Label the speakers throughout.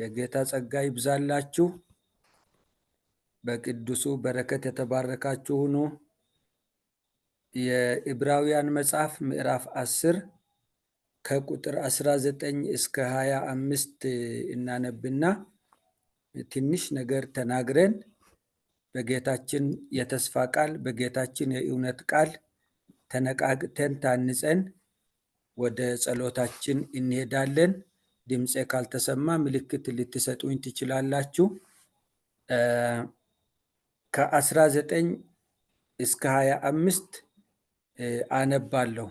Speaker 1: የጌታ ጸጋ ይብዛላችሁ። በቅዱሱ በረከት የተባረካችሁ ሁኑ። የዕብራውያን መጽሐፍ ምዕራፍ አስር ከቁጥር አስራ ዘጠኝ እስከ ሀያ አምስት እናነብና ትንሽ ነገር ተናግረን በጌታችን የተስፋ ቃል በጌታችን የእውነት ቃል ተነቃቅተን ታንጸን ወደ ጸሎታችን እንሄዳለን። ድምፄ ካልተሰማ ምልክት ልትሰጡኝ ትችላላችሁ። ከ19 እስከ 25 አነባለሁ።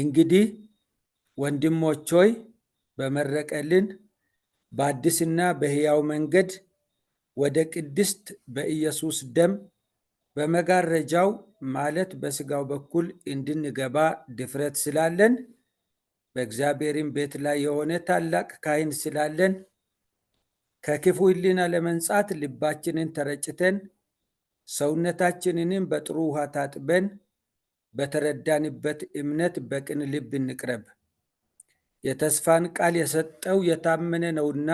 Speaker 1: እንግዲህ ወንድሞች ሆይ በመረቀልን በአዲስና በሕያው መንገድ ወደ ቅድስት በኢየሱስ ደም በመጋረጃው ማለት በስጋው በኩል እንድንገባ ድፍረት ስላለን በእግዚአብሔርም ቤት ላይ የሆነ ታላቅ ካህን ስላለን ከክፉ ሕሊና ለመንጻት ልባችንን ተረጭተን ሰውነታችንንም በጥሩ ውሃ ታጥበን በተረዳንበት እምነት በቅን ልብ እንቅረብ። የተስፋን ቃል የሰጠው የታመነ ነውና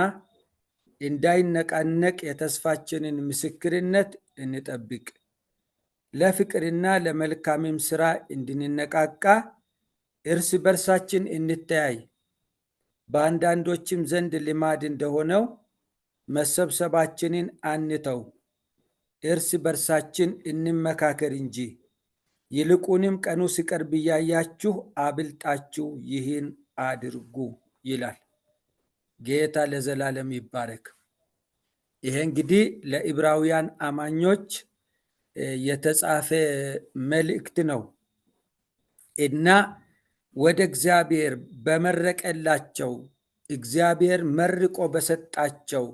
Speaker 1: እንዳይነቃነቅ የተስፋችንን ምስክርነት እንጠብቅ። ለፍቅርና ለመልካምም ስራ እንድንነቃቃ እርስ በርሳችን እንተያይ፣ በአንዳንዶችም ዘንድ ልማድ እንደሆነው መሰብሰባችንን አንተው፣ እርስ በርሳችን እንመካከር እንጂ ይልቁንም ቀኑ ሲቀርብ እያያችሁ አብልጣችሁ ይህን አድርጉ ይላል። ጌታ ለዘላለም ይባረክ። ይሄ እንግዲህ ለዕብራውያን አማኞች የተጻፈ መልእክት ነው እና ወደ እግዚአብሔር በመረቀላቸው እግዚአብሔር መርቆ በሰጣቸው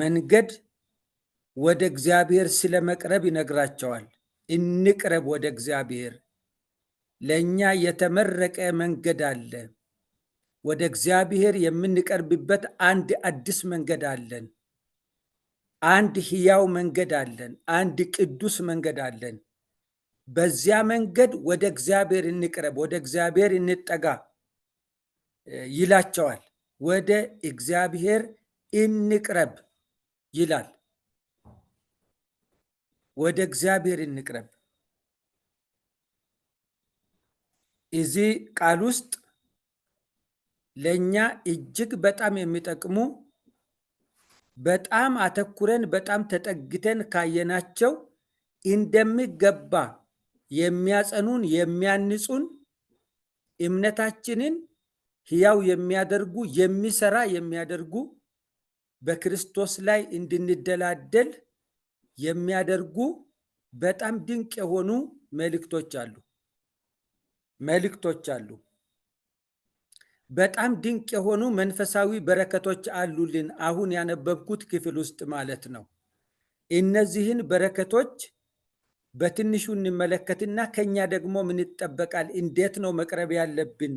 Speaker 1: መንገድ ወደ እግዚአብሔር ስለ መቅረብ ይነግራቸዋል። እንቅረብ ወደ እግዚአብሔር፣ ለእኛ የተመረቀ መንገድ አለ። ወደ እግዚአብሔር የምንቀርብበት አንድ አዲስ መንገድ አለን። አንድ ሕያው መንገድ አለን። አንድ ቅዱስ መንገድ አለን። በዚያ መንገድ ወደ እግዚአብሔር እንቅረብ፣ ወደ እግዚአብሔር እንጠጋ ይላቸዋል። ወደ እግዚአብሔር እንቅረብ ይላል። ወደ እግዚአብሔር እንቅረብ። እዚህ ቃል ውስጥ ለእኛ እጅግ በጣም የሚጠቅሙ በጣም አተኩረን በጣም ተጠግተን ካየናቸው እንደሚገባ የሚያጸኑን፣ የሚያንጹን፣ እምነታችንን ህያው የሚያደርጉ የሚሰራ የሚያደርጉ በክርስቶስ ላይ እንድንደላደል የሚያደርጉ በጣም ድንቅ የሆኑ መልእክቶች አሉ መልእክቶች አሉ። በጣም ድንቅ የሆኑ መንፈሳዊ በረከቶች አሉልን። አሁን ያነበብኩት ክፍል ውስጥ ማለት ነው። እነዚህን በረከቶች በትንሹ እንመለከትና ከኛ ደግሞ ምን ይጠበቃል፣ እንዴት ነው መቅረብ ያለብን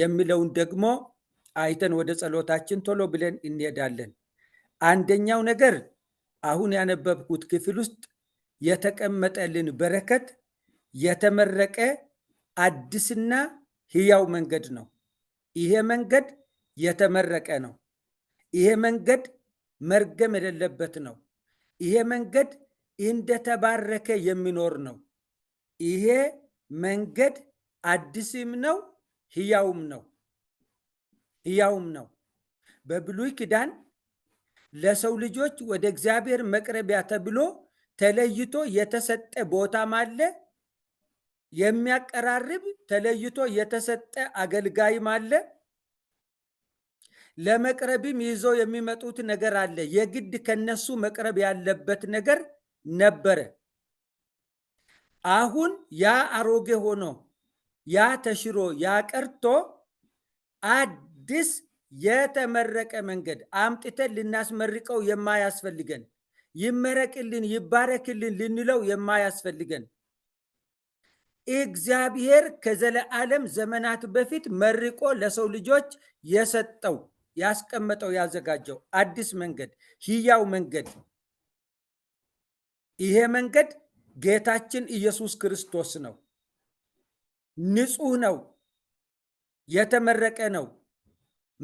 Speaker 1: የሚለውን ደግሞ አይተን ወደ ጸሎታችን ቶሎ ብለን እንሄዳለን። አንደኛው ነገር አሁን ያነበብኩት ክፍል ውስጥ የተቀመጠልን በረከት የተመረቀ አዲስና ህያው መንገድ ነው። ይሄ መንገድ የተመረቀ ነው። ይሄ መንገድ መርገም የሌለበት ነው። ይሄ መንገድ እንደተባረከ የሚኖር ነው። ይሄ መንገድ አዲስም ነው ህያውም ነው ህያውም ነው። በብሉይ ኪዳን ለሰው ልጆች ወደ እግዚአብሔር መቅረቢያ ተብሎ ተለይቶ የተሰጠ ቦታም አለ። የሚያቀራርብ ተለይቶ የተሰጠ አገልጋይም አለ። ለመቅረብም ይዞ የሚመጡት ነገር አለ። የግድ ከነሱ መቅረብ ያለበት ነገር ነበረ። አሁን ያ አሮጌ ሆኖ ያ ተሽሮ ያ ቀርቶ አዲስ የተመረቀ መንገድ አምጥተን ልናስመርቀው የማያስፈልገን ይመረቅልን ይባረክልን ልንለው የማያስፈልገን እግዚአብሔር ከዘለዓለም ዘመናት በፊት መርቆ ለሰው ልጆች የሰጠው ያስቀመጠው ያዘጋጀው አዲስ መንገድ ህያው መንገድ ይሄ መንገድ ጌታችን ኢየሱስ ክርስቶስ ነው። ንጹህ ነው። የተመረቀ ነው።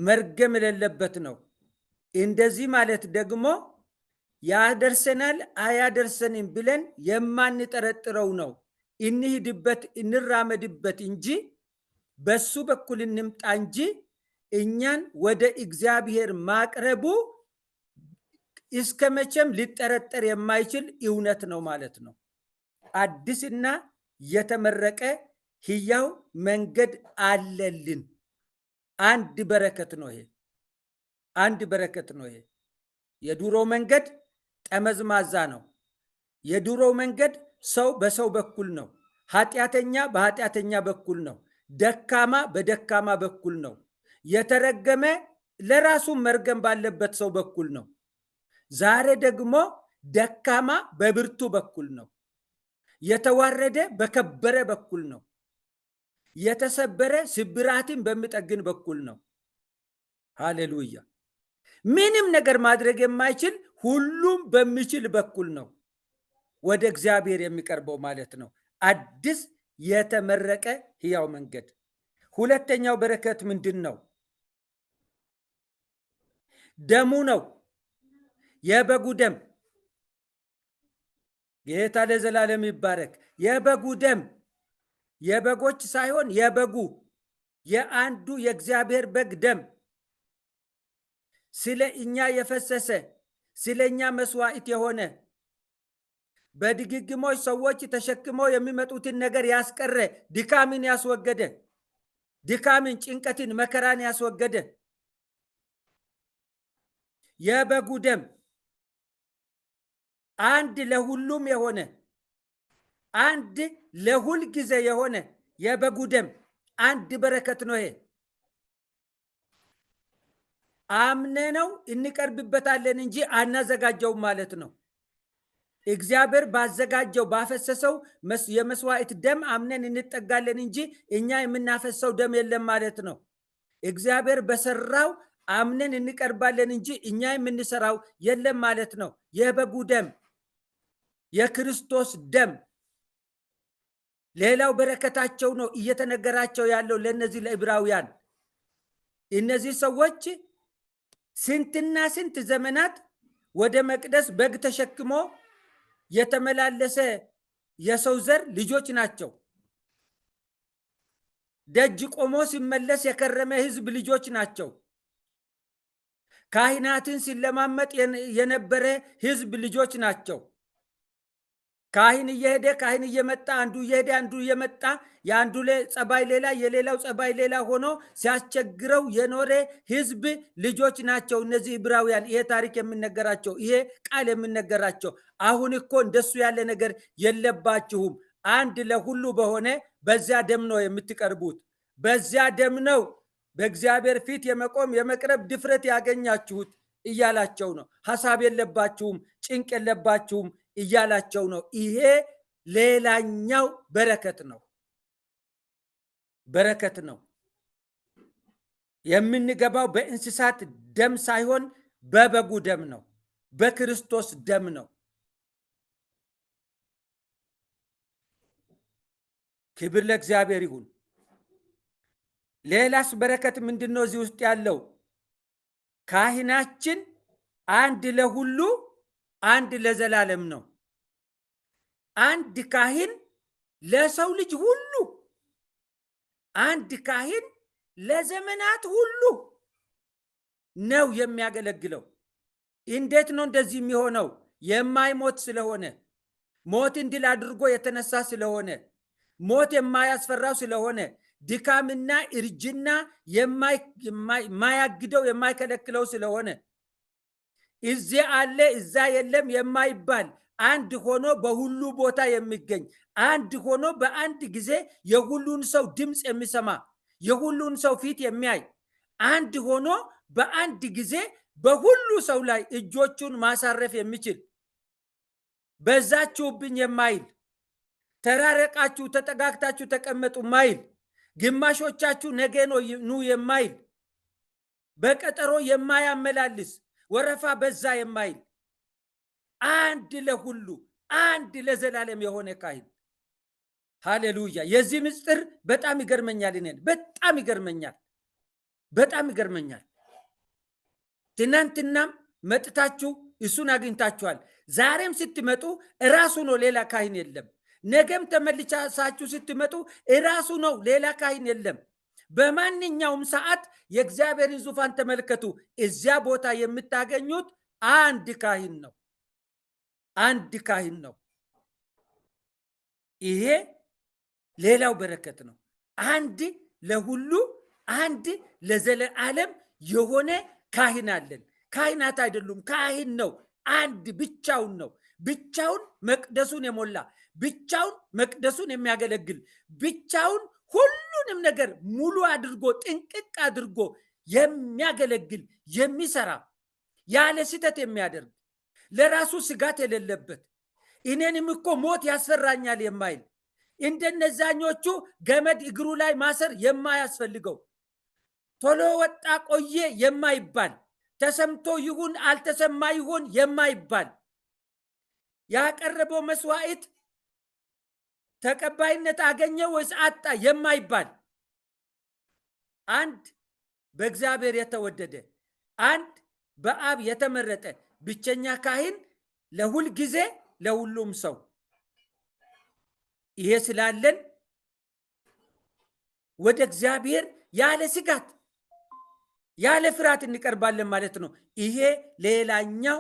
Speaker 1: መርገም የሌለበት ነው። እንደዚህ ማለት ደግሞ ያደርሰናል አያደርሰንም ብለን የማንጠረጥረው ነው። እንሂድበት እንራመድበት እንጂ በሱ በኩል እንምጣ እንጂ እኛን ወደ እግዚአብሔር ማቅረቡ እስከ መቼም ሊጠረጠር የማይችል እውነት ነው ማለት ነው። አዲስና የተመረቀ ህያው መንገድ አለልን። አንድ በረከት ነው ይሄ። አንድ በረከት ነው ይሄ። የድሮ መንገድ ጠመዝማዛ ነው። የድሮ መንገድ ሰው በሰው በኩል ነው። ኃጢአተኛ በኃጢአተኛ በኩል ነው። ደካማ በደካማ በኩል ነው። የተረገመ ለራሱ መርገም ባለበት ሰው በኩል ነው። ዛሬ ደግሞ ደካማ በብርቱ በኩል ነው። የተዋረደ በከበረ በኩል ነው። የተሰበረ ስብራትን በሚጠግን በኩል ነው። ሃሌሉያ! ምንም ነገር ማድረግ የማይችል ሁሉም በሚችል በኩል ነው ወደ እግዚአብሔር የሚቀርበው ማለት ነው። አዲስ የተመረቀ ህያው መንገድ። ሁለተኛው በረከት ምንድን ነው? ደሙ ነው። የበጉ ደም ጌታ ለዘላለም ይባረክ። የበጉ ደም የበጎች ሳይሆን የበጉ የአንዱ የእግዚአብሔር በግ ደም ስለ እኛ የፈሰሰ ስለ እኛ መስዋዕት የሆነ በድግግሞች ሰዎች ተሸክመው የሚመጡትን ነገር ያስቀረ ድካምን ያስወገደ ድካምን፣ ጭንቀትን፣ መከራን ያስወገደ የበጉ ደም አንድ ለሁሉም የሆነ አንድ ለሁል ጊዜ የሆነ የበጉ ደም አንድ በረከት ነው። ይሄ አምነ ነው እንቀርብበታለን እንጂ አናዘጋጀውም ማለት ነው። እግዚአብሔር ባዘጋጀው ባፈሰሰው የመስዋዕት ደም አምነን እንጠጋለን እንጂ እኛ የምናፈሰው ደም የለም ማለት ነው። እግዚአብሔር በሰራው አምነን እንቀርባለን እንጂ እኛ የምንሰራው የለም ማለት ነው። የበጉ ደም የክርስቶስ ደም ሌላው በረከታቸው ነው እየተነገራቸው ያለው ለእነዚህ ለዕብራውያን። እነዚህ ሰዎች ስንትና ስንት ዘመናት ወደ መቅደስ በግ ተሸክሞ የተመላለሰ የሰው ዘር ልጆች ናቸው። ደጅ ቆሞ ሲመለስ የከረመ ሕዝብ ልጆች ናቸው። ካህናትን ሲለማመጥ የነበረ ሕዝብ ልጆች ናቸው። ካህን እየሄደ ካህን እየመጣ አንዱ እየሄደ አንዱ እየመጣ የአንዱ ጸባይ ሌላ የሌላው ጸባይ ሌላ ሆኖ ሲያስቸግረው የኖረ ህዝብ ልጆች ናቸው እነዚህ ዕብራውያን። ይሄ ታሪክ የምነገራቸው ይሄ ቃል የምነገራቸው አሁን እኮ እንደሱ ያለ ነገር የለባችሁም፣ አንድ ለሁሉ በሆነ በዚያ ደም ነው የምትቀርቡት። በዚያ ደም ነው በእግዚአብሔር ፊት የመቆም የመቅረብ ድፍረት ያገኛችሁት እያላቸው ነው። ሀሳብ የለባችሁም፣ ጭንቅ የለባችሁም እያላቸው ነው። ይሄ ሌላኛው በረከት ነው በረከት ነው። የምንገባው በእንስሳት ደም ሳይሆን በበጉ ደም ነው፣ በክርስቶስ ደም ነው። ክብር ለእግዚአብሔር ይሁን። ሌላስ በረከት ምንድን ነው? እዚህ ውስጥ ያለው ካህናችን አንድ ለሁሉ አንድ ለዘላለም ነው። አንድ ካህን ለሰው ልጅ ሁሉ፣ አንድ ካህን ለዘመናት ሁሉ ነው የሚያገለግለው። እንዴት ነው እንደዚህ የሚሆነው? የማይሞት ስለሆነ ሞት እንድል አድርጎ የተነሳ ስለሆነ ሞት የማያስፈራው ስለሆነ ድካምና እርጅና የማያግደው የማይከለክለው ስለሆነ እዚ አለ እዛ የለም የማይባል አንድ ሆኖ በሁሉ ቦታ የሚገኝ አንድ ሆኖ በአንድ ጊዜ የሁሉን ሰው ድምፅ የሚሰማ የሁሉን ሰው ፊት የሚያይ አንድ ሆኖ በአንድ ጊዜ በሁሉ ሰው ላይ እጆቹን ማሳረፍ የሚችል በዛችሁብኝ የማይል ተራረቃችሁ ተጠጋግታችሁ ተቀመጡ ማይል ግማሾቻችሁ ነገ ነው ኑ የማይል በቀጠሮ የማያመላልስ ወረፋ በዛ የማይል አንድ ለሁሉ አንድ ለዘላለም የሆነ ካህን ሃሌሉያ። የዚህ ምስጢር በጣም ይገርመኛል። እኔን በጣም ይገርመኛል። በጣም ይገርመኛል። ትናንትናም መጥታችሁ እሱን አግኝታችኋል። ዛሬም ስትመጡ እራሱ ነው፣ ሌላ ካህን የለም። ነገም ተመልሳችሁ ስትመጡ እራሱ ነው፣ ሌላ ካህን የለም። በማንኛውም ሰዓት የእግዚአብሔርን ዙፋን ተመልከቱ። እዚያ ቦታ የምታገኙት አንድ ካህን ነው። አንድ ካህን ነው። ይሄ ሌላው በረከት ነው። አንድ ለሁሉ አንድ ለዘለ አለም የሆነ ካህን አለን። ካህናት አይደሉም፣ ካህን ነው። አንድ ብቻውን ነው። ብቻውን መቅደሱን የሞላ ብቻውን መቅደሱን የሚያገለግል ብቻውን ሁሉንም ነገር ሙሉ አድርጎ ጥንቅቅ አድርጎ የሚያገለግል የሚሰራ ያለ ስህተት የሚያደርግ ለራሱ ስጋት የሌለበት እኔንም እኮ ሞት ያስፈራኛል የማይል እንደነዛኞቹ ገመድ እግሩ ላይ ማሰር የማያስፈልገው ቶሎ ወጣ ቆየ የማይባል ተሰምቶ ይሁን አልተሰማ ይሁን የማይባል ያቀረበው መስዋዕት ተቀባይነት አገኘ ወይስ አጣ የማይባል አንድ በእግዚአብሔር የተወደደ አንድ በአብ የተመረጠ ብቸኛ ካህን ለሁል ጊዜ ለሁሉም ሰው ይሄ ስላለን ወደ እግዚአብሔር ያለ ስጋት ያለ ፍርሃት እንቀርባለን ማለት ነው። ይሄ ሌላኛው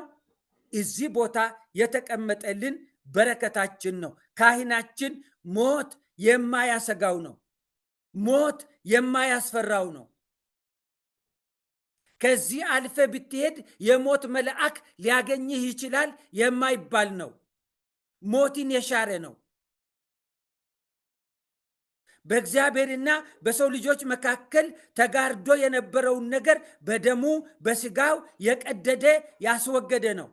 Speaker 1: እዚህ ቦታ የተቀመጠልን በረከታችን ነው። ካህናችን ሞት የማያሰጋው ነው። ሞት የማያስፈራው ነው። ከዚህ አልፈ ብትሄድ የሞት መልአክ ሊያገኝህ ይችላል የማይባል ነው። ሞትን የሻረ ነው። በእግዚአብሔርና በሰው ልጆች መካከል ተጋርዶ የነበረውን ነገር በደሙ በስጋው የቀደደ ያስወገደ ነው።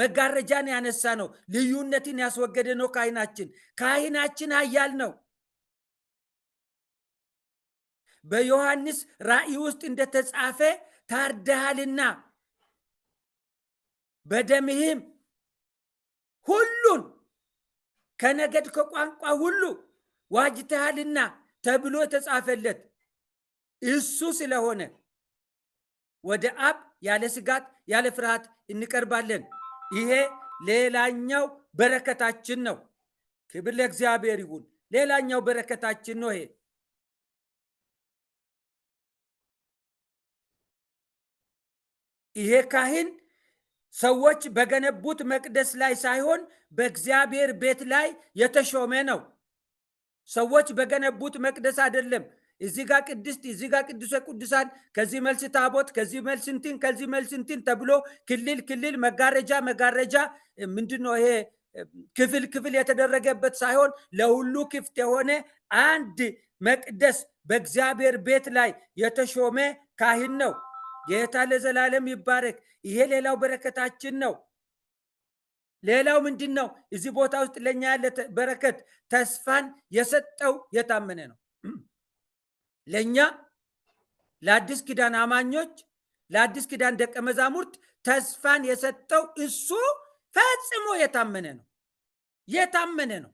Speaker 1: መጋረጃን ያነሳ ነው። ልዩነትን ያስወገደ ነው ካህናችን። ካህናችን ኃያል ነው። በዮሐንስ ራእይ ውስጥ እንደተጻፈ ታርደሃልና በደምህም ሁሉን ከነገድ ከቋንቋ ሁሉ ዋጅተሃልና ተብሎ የተጻፈለት እሱ ስለሆነ ወደ አብ ያለ ስጋት ያለ ፍርሃት እንቀርባለን። ይሄ ሌላኛው በረከታችን ነው። ክብር ለእግዚአብሔር ይሁን። ሌላኛው በረከታችን ነው ይሄ ይሄ ካህን ሰዎች በገነቡት መቅደስ ላይ ሳይሆን በእግዚአብሔር ቤት ላይ የተሾመ ነው። ሰዎች በገነቡት መቅደስ አይደለም እዚህ ጋ ቅድስቲ እዚ ጋ ቅዱሰ ቅዱሳን ከዚህ መልስ ታቦት ከዚህ መልስ እንትን ከዚህ መልስ እንትን ተብሎ ክልል ክልል መጋረጃ መጋረጃ ምንድነው ይሄ ክፍል ክፍል የተደረገበት ሳይሆን ለሁሉ ክፍት የሆነ አንድ መቅደስ በእግዚአብሔር ቤት ላይ የተሾመ ካህን ነው። ጌታ ለዘላለም ይባረክ። ይሄ ሌላው በረከታችን ነው። ሌላው ምንድን ነው? እዚህ ቦታ ውስጥ ለእኛ ያለ በረከት ተስፋን የሰጠው የታመነ ነው። ለእኛ ለአዲስ ኪዳን አማኞች ለአዲስ ኪዳን ደቀ መዛሙርት ተስፋን የሰጠው እሱ ፈጽሞ የታመነ ነው። የታመነ ነው።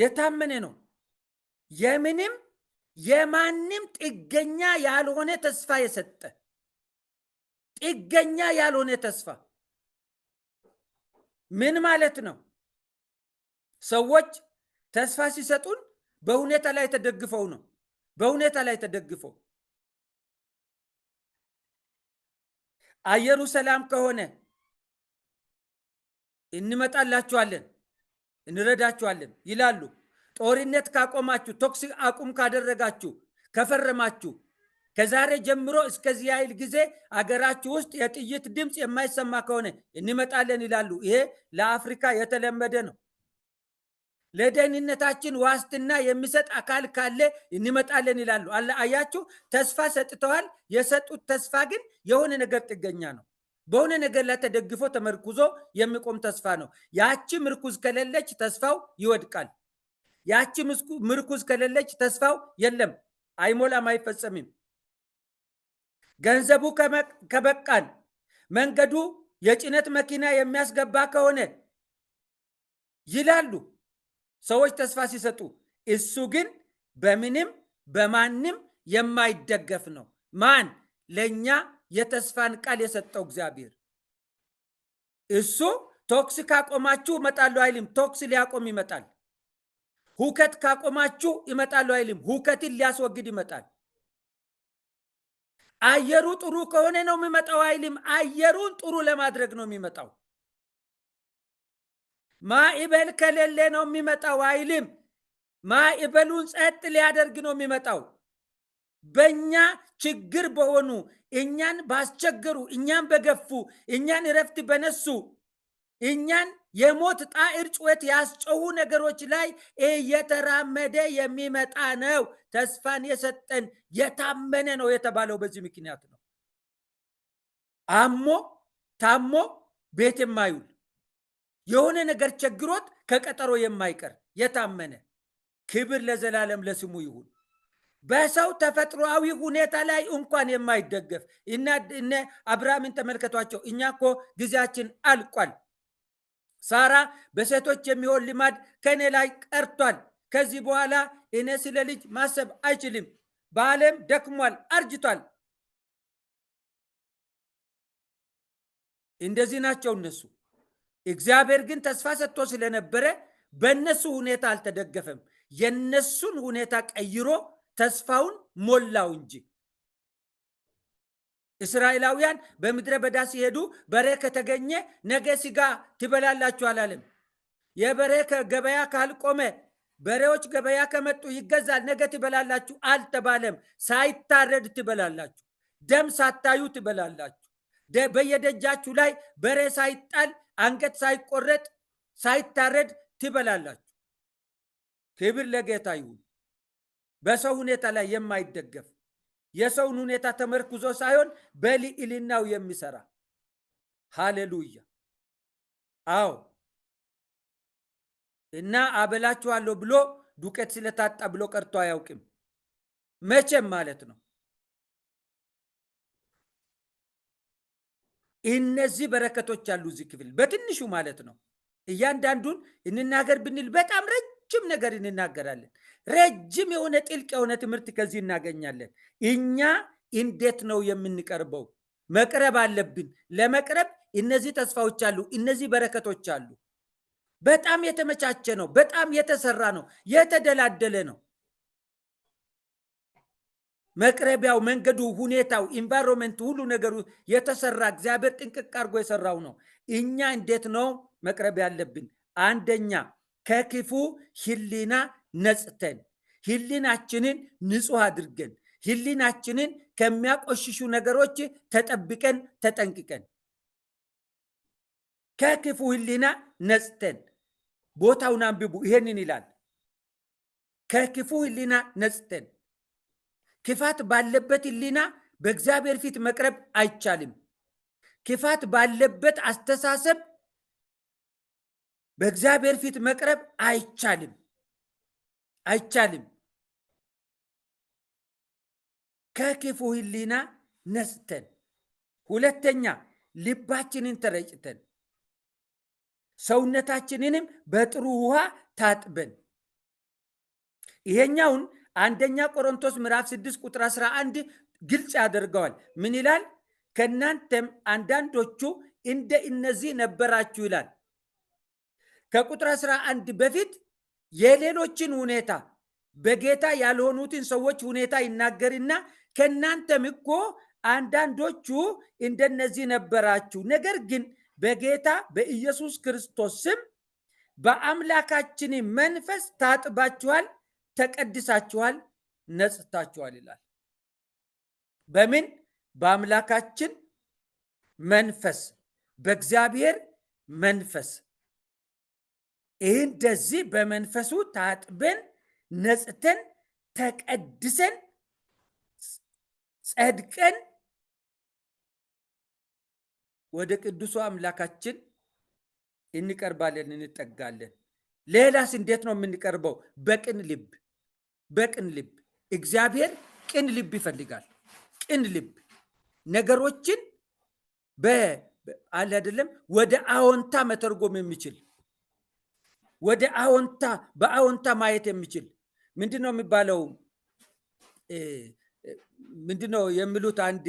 Speaker 1: የታመነ ነው። የምንም የማንም ጥገኛ ያልሆነ ተስፋ የሰጠ ጥገኛ ያልሆነ ተስፋ ምን ማለት ነው? ሰዎች ተስፋ ሲሰጡን በሁኔታ ላይ ተደግፈው ነው። በሁኔታ ላይ ተደግፈው አየሩ ሰላም ከሆነ እንመጣላችኋለን፣ እንረዳችኋለን ይላሉ። ጦርነት ካቆማችሁ፣ ቶክሲ አቁም ካደረጋችሁ፣ ከፈረማችሁ ከዛሬ ጀምሮ እስከዚህ ያህል ጊዜ አገራችሁ ውስጥ የጥይት ድምፅ የማይሰማ ከሆነ እንመጣለን ይላሉ። ይሄ ለአፍሪካ የተለመደ ነው። ለደህንነታችን ዋስትና የሚሰጥ አካል ካለ እንመጣለን ይላሉ። አያችሁ፣ ተስፋ ሰጥተዋል። የሰጡት ተስፋ ግን የሆነ ነገር ጥገኛ ነው። በሆነ ነገር ላይ ተደግፎ ተመርኩዞ የሚቆም ተስፋ ነው። ያቺ ምርኩዝ ከሌለች ተስፋው ይወድቃል። ያቺ ምርኩዝ ከሌለች ተስፋው የለም፣ አይሞላም፣ አይፈጸምም። ገንዘቡ ከበቃን፣ መንገዱ የጭነት መኪና የሚያስገባ ከሆነ ይላሉ ሰዎች ተስፋ ሲሰጡ፣ እሱ ግን በምንም በማንም የማይደገፍ ነው። ማን? ለእኛ የተስፋን ቃል የሰጠው እግዚአብሔር። እሱ ቶክስ ካቆማችሁ እመጣለሁ አይልም። ቶክስ ሊያቆም ይመጣል። ሁከት ካቆማችሁ ይመጣሉ አይልም። ሁከትን ሊያስወግድ ይመጣል። አየሩ ጥሩ ከሆነ ነው የሚመጣው አይልም። አየሩን ጥሩ ለማድረግ ነው የሚመጣው። ማዕበል ከሌለ ነው የሚመጣው አይልም። ማዕበሉን ጸጥ ሊያደርግ ነው የሚመጣው። በእኛ ችግር በሆኑ እኛን ባስቸገሩ እኛን በገፉ እኛን እረፍት በነሱ እኛን የሞት ጣዕር ጩኸት ያስጨው ነገሮች ላይ እየተራመደ የሚመጣ ነው። ተስፋን የሰጠን የታመነ ነው የተባለው በዚህ ምክንያት ነው። አሞ ታሞ ቤት የማይውል የሆነ ነገር ቸግሮት ከቀጠሮ የማይቀር የታመነ ክብር ለዘላለም ለስሙ ይሁን። በሰው ተፈጥሮአዊ ሁኔታ ላይ እንኳን የማይደገፍ እና እነ አብርሃምን ተመልከቷቸው። እኛ ኮ ጊዜያችን አልቋል። ሳራ በሴቶች የሚሆን ልማድ ከእኔ ላይ ቀርቷል። ከዚህ በኋላ እኔ ስለ ልጅ ማሰብ አይችልም። በአለም ደክሟል፣ አርጅቷል። እንደዚህ ናቸው እነሱ። እግዚአብሔር ግን ተስፋ ሰጥቶ ስለነበረ በእነሱ ሁኔታ አልተደገፈም። የነሱን ሁኔታ ቀይሮ ተስፋውን ሞላው እንጂ። እስራኤላውያን በምድረ በዳ ሲሄዱ በሬ ከተገኘ ነገ ሲጋ ትበላላችሁ አላለም። የበሬ ከገበያ ካልቆመ በሬዎች ገበያ ከመጡ ይገዛል፣ ነገ ትበላላችሁ አልተባለም። ሳይታረድ ትበላላችሁ፣ ደም ሳታዩ ትበላላችሁ። በየደጃችሁ ላይ በሬ ሳይጣል አንገት ሳይቆረጥ ሳይታረድ ትበላላችሁ። ክብር ለጌታ ይሁን። በሰው ሁኔታ ላይ የማይደገፍ የሰውን ሁኔታ ተመርኩዞ ሳይሆን በልዕልናው የሚሰራ ሃሌሉያ። አዎ እና አበላችኋለሁ ብሎ ዱቄት ስለታጣ ብሎ ቀርቶ አያውቅም መቼም ማለት ነው። እነዚህ በረከቶች አሉ እዚህ ክፍል በትንሹ ማለት ነው። እያንዳንዱን እንናገር ብንል በጣም ረጅም ነገር እንናገራለን። ረጅም የሆነ ጥልቅ የሆነ ትምህርት ከዚህ እናገኛለን። እኛ እንዴት ነው የምንቀርበው? መቅረብ አለብን። ለመቅረብ እነዚህ ተስፋዎች አሉ፣ እነዚህ በረከቶች አሉ። በጣም የተመቻቸ ነው። በጣም የተሰራ ነው። የተደላደለ ነው። መቅረቢያው፣ መንገዱ፣ ሁኔታው፣ ኢንቫይሮንመንት ሁሉ ነገሩ የተሰራ እግዚአብሔር ጥንቅቅ አድርጎ የሰራው ነው። እኛ እንዴት ነው መቅረብ ያለብን? አንደኛ ከክፉ ህሊና ነጽተን ህሊናችንን ንጹህ አድርገን ህሊናችንን ከሚያቆሽሹ ነገሮች ተጠብቀን ተጠንቅቀን ከክፉ ህሊና ነጽተን ቦታውን አንብቡ። ይሄንን ይላል ከክፉ ህሊና ነጽተን ክፋት ባለበት ህሊና በእግዚአብሔር ፊት መቅረብ አይቻልም። ክፋት ባለበት አስተሳሰብ በእግዚአብሔር ፊት መቅረብ አይቻልም አይቻልም። ከክፉ ህሊና ነጽተን፣ ሁለተኛ ልባችንን ተረጭተን ሰውነታችንንም በጥሩ ውሃ ታጥበን ይሄኛውን አንደኛ ቆሮንቶስ ምዕራፍ 6 ቁጥር 11 ግልጽ ያደርገዋል። ምን ይላል? ከእናንተም አንዳንዶቹ እንደ እነዚህ ነበራችሁ ይላል። ከቁጥር 11 በፊት የሌሎችን ሁኔታ በጌታ ያልሆኑትን ሰዎች ሁኔታ ይናገርና ከእናንተም እኮ አንዳንዶቹ እንደነዚህ ነበራችሁ፣ ነገር ግን በጌታ በኢየሱስ ክርስቶስ ስም በአምላካችን መንፈስ ታጥባችኋል ተቀድሳችኋል፣ ነጽታችኋል ይላል። በምን በአምላካችን መንፈስ በእግዚአብሔር መንፈስ ይህ እንደዚህ በመንፈሱ ታጥበን ነጽተን ተቀድሰን ጸድቀን ወደ ቅዱሱ አምላካችን እንቀርባለን፣ እንጠጋለን። ሌላስ እንዴት ነው የምንቀርበው? በቅን ልብ በቅን ልብ እግዚአብሔር ቅን ልብ ይፈልጋል። ቅን ልብ ነገሮችን አለ አይደለም ወደ አዎንታ መተርጎም የሚችል ወደ አዎንታ በአዎንታ ማየት የሚችል ምንድን ነው የሚባለው? ምንድን ነው የሚሉት? አንድ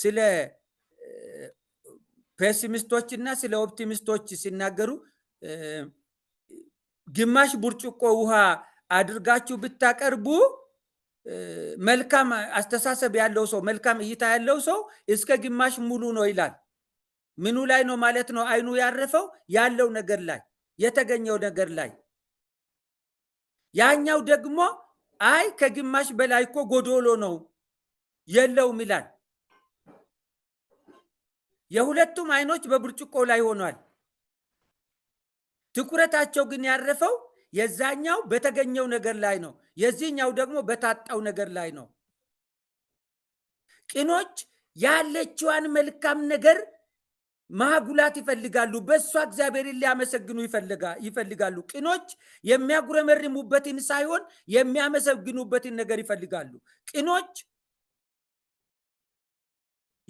Speaker 1: ስለ ፔሲሚስቶች እና ስለ ኦፕቲሚስቶች ሲናገሩ ግማሽ ብርጭቆ ውሃ አድርጋችሁ ብታቀርቡ መልካም አስተሳሰብ ያለው ሰው መልካም እይታ ያለው ሰው እስከ ግማሽ ሙሉ ነው ይላል። ምኑ ላይ ነው ማለት ነው? አይኑ ያረፈው ያለው ነገር ላይ የተገኘው ነገር ላይ። ያኛው ደግሞ አይ ከግማሽ በላይ እኮ ጎዶሎ ነው የለውም ይላል። የሁለቱም አይኖች በብርጭቆ ላይ ሆኗል። ትኩረታቸው ግን ያረፈው የዛኛው በተገኘው ነገር ላይ ነው፣ የዚህኛው ደግሞ በታጣው ነገር ላይ ነው። ቅኖች ያለችዋን መልካም ነገር ማጉላት ይፈልጋሉ። በእሷ እግዚአብሔርን ሊያመሰግኑ ይፈልጋሉ። ቅኖች የሚያጉረመርሙበትን ሳይሆን የሚያመሰግኑበትን ነገር ይፈልጋሉ። ቅኖች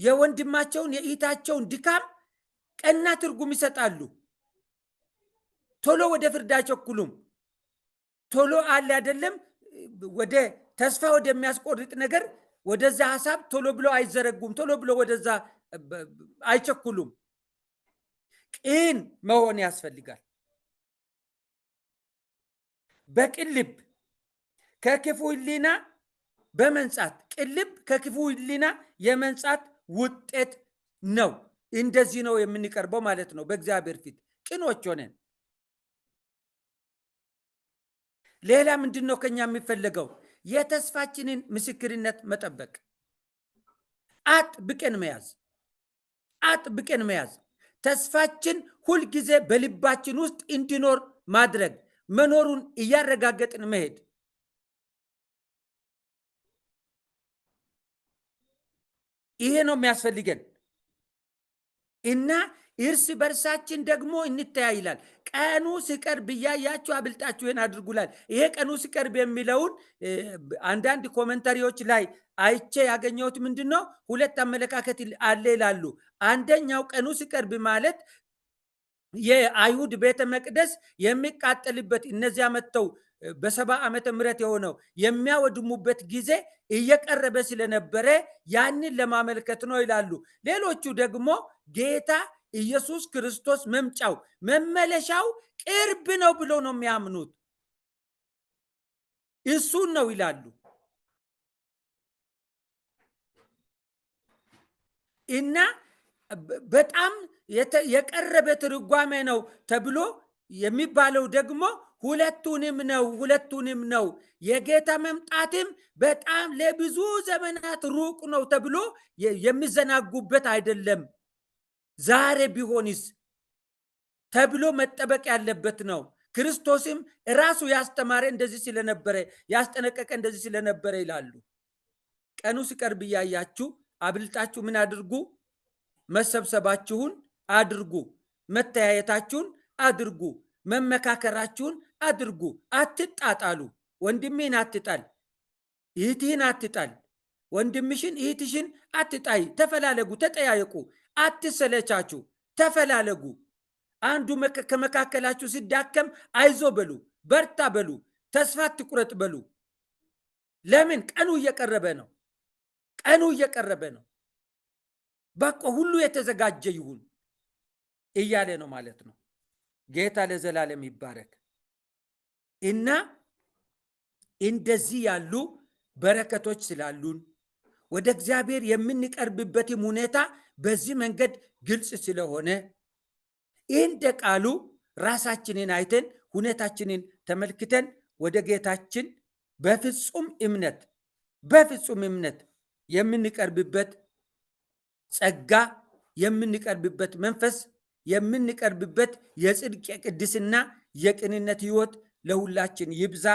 Speaker 1: የወንድማቸውን የእህታቸውን ድካም ቀና ትርጉም ይሰጣሉ። ቶሎ ወደ ፍርድ አይቸኩሉም። ቶሎ አለ አይደለም ወደ ተስፋ ወደሚያስቆርጥ ነገር ወደዛ ሀሳብ ቶሎ ብሎ አይዘረጉም። ቶሎ ብሎ ወደዛ አይቸኩሉም። ቅን መሆን ያስፈልጋል። በቅልብ ከክፉ ህሊና በመንጻት ቅልብ ከክፉ ህሊና የመንጻት ውጤት ነው። እንደዚህ ነው የምንቀርበው ማለት ነው በእግዚአብሔር ፊት ቅኖች ሆነን ሌላ ምንድን ነው ከኛ የሚፈለገው? የተስፋችንን ምስክርነት መጠበቅ፣ ብቅን መያዝ፣ ብቅን መያዝ፣ ተስፋችን ሁልጊዜ በልባችን ውስጥ እንዲኖር ማድረግ፣ መኖሩን እያረጋገጥን መሄድ። ይሄ ነው የሚያስፈልገን እና እርስ በርሳችን ደግሞ እንተያይ ይላል። ቀኑ ሲቀርብ እያያችሁ አብልጣችሁ ይህን አድርጉላል። ይሄ ቀኑ ሲቀርብ የሚለውን አንዳንድ ኮመንታሪዎች ላይ አይቼ ያገኘሁት ምንድን ነው፣ ሁለት አመለካከት አለ ይላሉ። አንደኛው ቀኑ ሲቀርብ ማለት የአይሁድ ቤተ መቅደስ የሚቃጠልበት እነዚያ መጥተው በሰባ ዓመተ ምረት የሆነው የሚያወድሙበት ጊዜ እየቀረበ ስለነበረ ያንን ለማመልከት ነው ይላሉ። ሌሎቹ ደግሞ ጌታ ኢየሱስ ክርስቶስ መምጫው መመለሻው ቅርብ ነው ብሎ ነው የሚያምኑት። እሱን ነው ይላሉ። እና በጣም የቀረበ ትርጓሜ ነው ተብሎ የሚባለው ደግሞ ሁለቱንም ነው ሁለቱንም ነው። የጌታ መምጣትም በጣም ለብዙ ዘመናት ሩቅ ነው ተብሎ የሚዘናጉበት አይደለም። ዛሬ ቢሆንስ ተብሎ መጠበቅ ያለበት ነው። ክርስቶስም ራሱ ያስተማረ እንደዚህ ስለነበረ ያስጠነቀቀ እንደዚህ ስለነበረ ይላሉ። ቀኑ ሲቀርብ እያያችሁ አብልጣችሁ ምን አድርጉ? መሰብሰባችሁን አድርጉ፣ መተያየታችሁን አድርጉ፣ መመካከራችሁን አድርጉ። አትጣጣሉ። ወንድሜን አትጣል፣ እህትህን አትጣል። ወንድምሽን እህትሽን አትጣይ። ተፈላለጉ፣ ተጠያየቁ። አትሰለቻችሁ፣ ተፈላለጉ። አንዱ ከመካከላችሁ ሲዳከም አይዞ በሉ፣ በርታ በሉ፣ ተስፋ አትቁረጥ በሉ። ለምን ቀኑ እየቀረበ ነው። ቀኑ እየቀረበ ነው። በቃ ሁሉ የተዘጋጀ ይሁን እያለ ነው ማለት ነው። ጌታ ለዘላለም ይባረክ እና እንደዚህ ያሉ በረከቶች ስላሉን ወደ እግዚአብሔር የምንቀርብበትም ሁኔታ በዚህ መንገድ ግልጽ ስለሆነ ይህ እንደ ቃሉ ራሳችንን አይተን ሁኔታችንን ተመልክተን ወደ ጌታችን በፍጹም እምነት በፍጹም እምነት የምንቀርብበት ጸጋ የምንቀርብበት መንፈስ የምንቀርብበት የጽድቅ የቅድስና የቅንነት ህይወት ለሁላችን ይብዛ።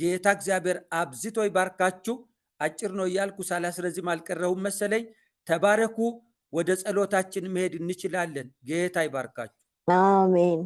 Speaker 1: ጌታ እግዚአብሔር አብዝቶ ይባርካችሁ። አጭር ነው እያልኩ ሳላስረዝም አልቀረሁም መሰለኝ። ተባረኩ። ወደ ጸሎታችን መሄድ እንችላለን። ጌታ ይባርካችሁ።
Speaker 2: አሜን።